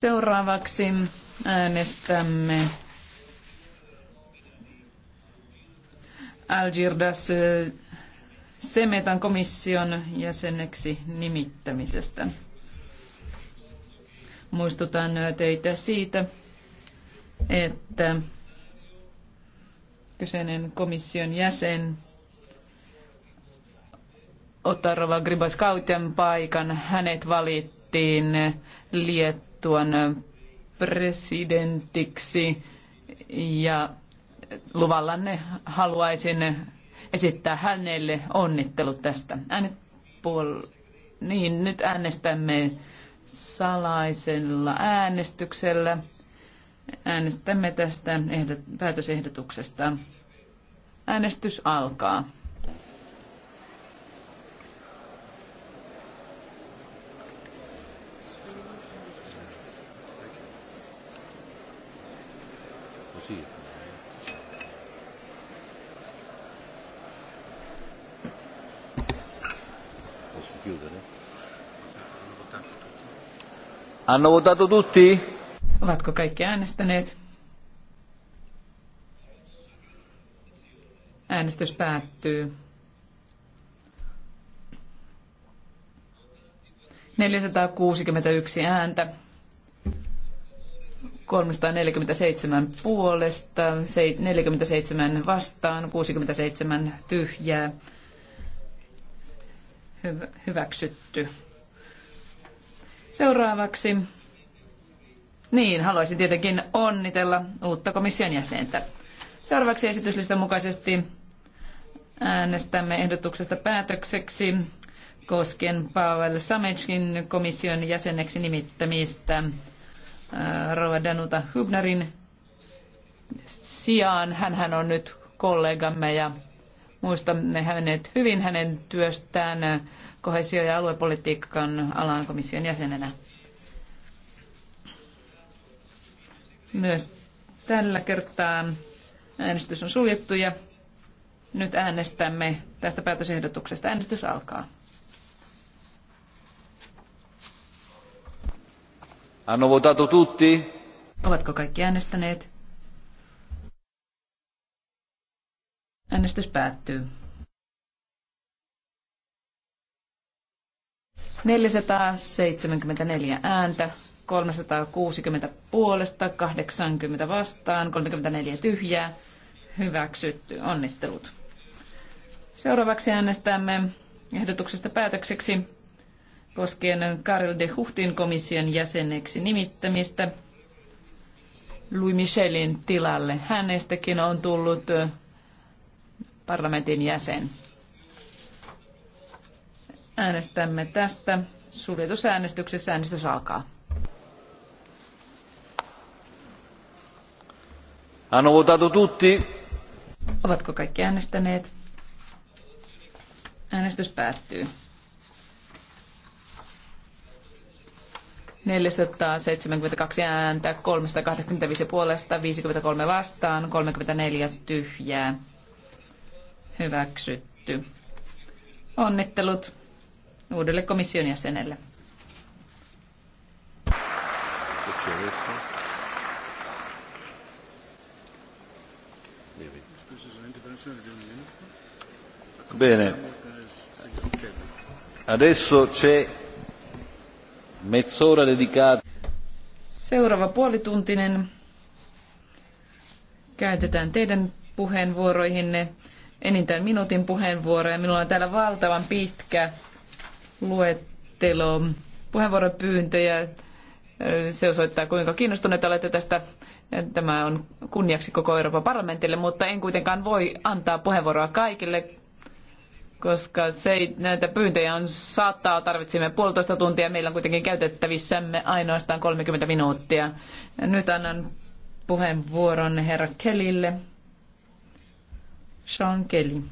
Seuraavaksi äänestämme Algirdas Semetan komission jäseneksi nimittämisestä. Muistutan teitä siitä, että kyseinen komission jäsen Otarova kauten paikan hänet valittiin Liet tuon presidentiksi ja luvallanne haluaisin esittää hänelle onnittelut tästä. Äänet puol- niin, nyt äänestämme salaisella äänestyksellä. Äänestämme tästä ehdot- päätösehdotuksesta. Äänestys alkaa. così. Posso chiudere? Hanno votato tutti? Ovatko kaikki äänestäneet? Äänestys päättyy. 461 ääntä. 347 puolesta, 47 vastaan, 67 tyhjää. Hyväksytty. Seuraavaksi. Niin, haluaisin tietenkin onnitella uutta komission jäsentä. Seuraavaksi esityslistan mukaisesti äänestämme ehdotuksesta päätökseksi koskien Pavel Samechin komission jäseneksi nimittämistä. Äh, Rova Danuta Hübnerin sijaan. hän on nyt kollegamme ja muistamme hänet hyvin hänen työstään kohesio- ja aluepolitiikan alan komission jäsenenä. Myös tällä kertaa äänestys on suljettu ja nyt äänestämme tästä päätösehdotuksesta. Äänestys alkaa. Hanno votato tutti? Ovatko kaikki äänestäneet? Äänestys päättyy. 474 ääntä, 360 puolesta, 80 vastaan, 34 tyhjää. Hyväksytty. Onnittelut. Seuraavaksi äänestämme ehdotuksesta päätökseksi koskien Karel de Huhtin komission jäseneksi nimittämistä Louis Michelin tilalle. Hänestäkin on tullut parlamentin jäsen. Äänestämme tästä. Suljetusäänestyksessä äänestys alkaa. Hän tutti? Ovatko kaikki äänestäneet? Äänestys päättyy. 472 ääntä, 385 puolesta, 53 vastaan, 34 tyhjää. Hyväksytty. Onnittelut uudelle komission jäsenelle. Bene. Adesso c'è Mezz'ora dedicata. Seuraava puolituntinen käytetään teidän puheenvuoroihinne enintään minuutin puheenvuoroja. Minulla on täällä valtavan pitkä luettelo puheenvuoropyyntöjä. Se osoittaa, kuinka kiinnostuneita olette tästä. Tämä on kunniaksi koko Euroopan parlamentille, mutta en kuitenkaan voi antaa puheenvuoroa kaikille koska se näitä pyyntöjä on saattaa, tarvitsemme puolitoista tuntia, meillä on kuitenkin käytettävissämme ainoastaan 30 minuuttia. Nyt annan puheenvuoron herra Kelille. Sean Kelly.